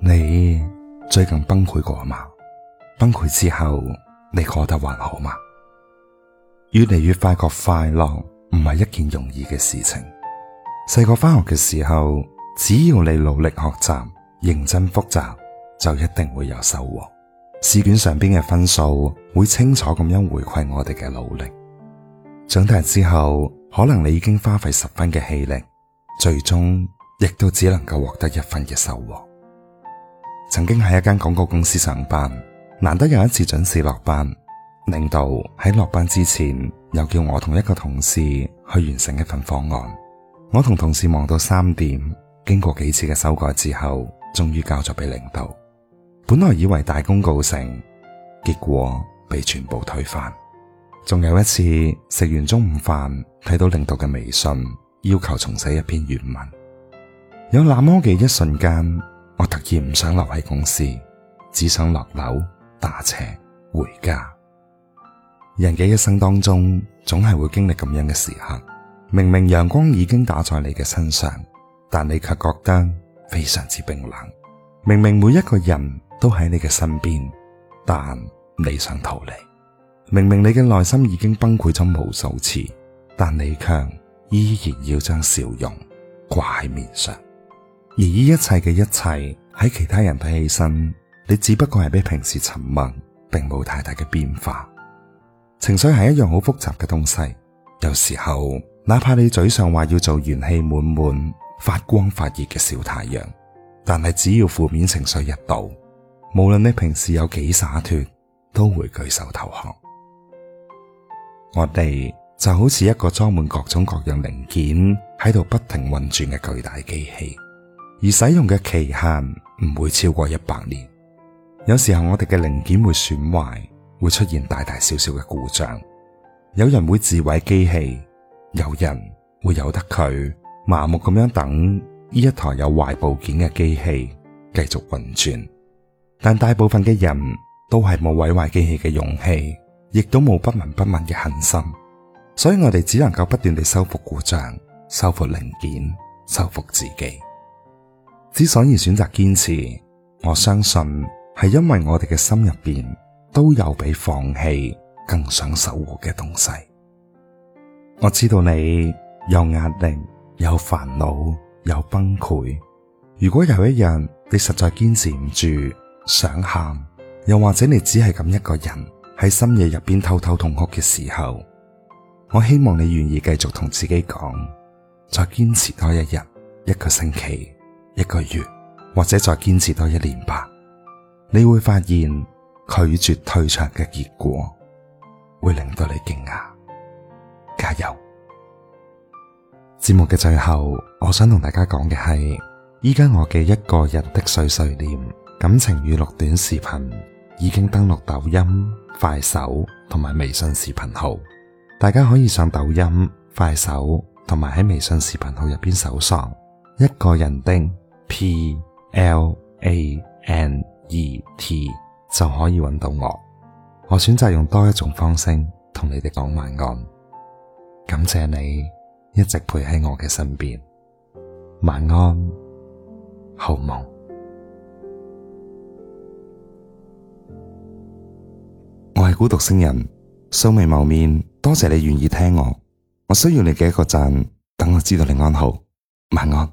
你最近崩潰過嘛？崩潰之後你覺得還好嘛？越嚟越發覺快樂唔係一件容易嘅事情。細個翻學嘅時候，只要你努力學習、認真複習，就一定會有收穫。試卷上邊嘅分數會清楚咁樣回饋我哋嘅努力。長大之後，可能你已經花費十分嘅氣力，最終亦都只能夠獲得一分嘅收穫。曾經喺一間廣告公司上班，難得有一次準時落班。領導喺落班之前又叫我同一個同事去完成一份方案。我同同事忙到三點，經過幾次嘅修改之後，終於交咗俾領導。本來以為大功告成，結果被全部推翻。仲有一次食完中午飯，睇到領導嘅微信，要求重寫一篇原文。有那麼嘅一瞬間。突然唔想留喺公司，只想落樓打車回家。人嘅一生當中，總係會經歷咁樣嘅時刻。明明陽光已經打在你嘅身上，但你卻覺得非常之冰冷。明明每一個人都喺你嘅身邊，但你想逃離。明明你嘅內心已經崩潰咗無數次，但你卻依然要將笑容掛喺面上。而依一切嘅一切喺其他人睇起身，你只不過係比平時沉默，並冇太大嘅變化。情緒係一樣好複雜嘅東西，有時候哪怕你嘴上話要做元氣滿滿、發光發熱嘅小太陽，但係只要負面情緒入到，無論你平時有幾灑脫，都會舉手投降。我哋就好似一個裝滿各種各樣零件喺度不停運轉嘅巨大機器。而使用嘅期限唔會超過一百年。有時候我哋嘅零件會損壞，會出現大大小小嘅故障。有人會自毀機器，有人會由得佢麻木咁樣等呢一台有壞部件嘅機器繼續運轉。但大部分嘅人都係冇毀壞機器嘅勇氣，亦都冇不聞不問嘅狠心，所以我哋只能夠不斷地修復故障，修復零件，修復自己。之所以選擇堅持，我相信係因為我哋嘅心入邊都有比放棄更想守護嘅東西。我知道你有壓力，有煩惱，有崩潰。如果有一日你實在堅持唔住想喊，又或者你只係咁一個人喺深夜入邊偷偷痛哭嘅時候，我希望你願意繼續同自己講，再堅持多一日，一個星期。一個月，或者再堅持多一年吧，你會發現拒絕退場嘅結果會令到你驚訝。加油！節目嘅最後，我想同大家講嘅係，依家我嘅一個人的碎碎念感情語錄短視頻已經登錄抖音、快手同埋微信視頻號，大家可以上抖音、快手同埋喺微信視頻號入邊搜索一個人的。P L A N E T 就可以揾到我。我選擇用多一種方式同你哋講晚安。感謝你一直陪喺我嘅身邊。晚安，好夢。我係孤獨星人，素未謀面，多謝你願意聽我。我需要你嘅一個讚，等我知道你安好。晚安。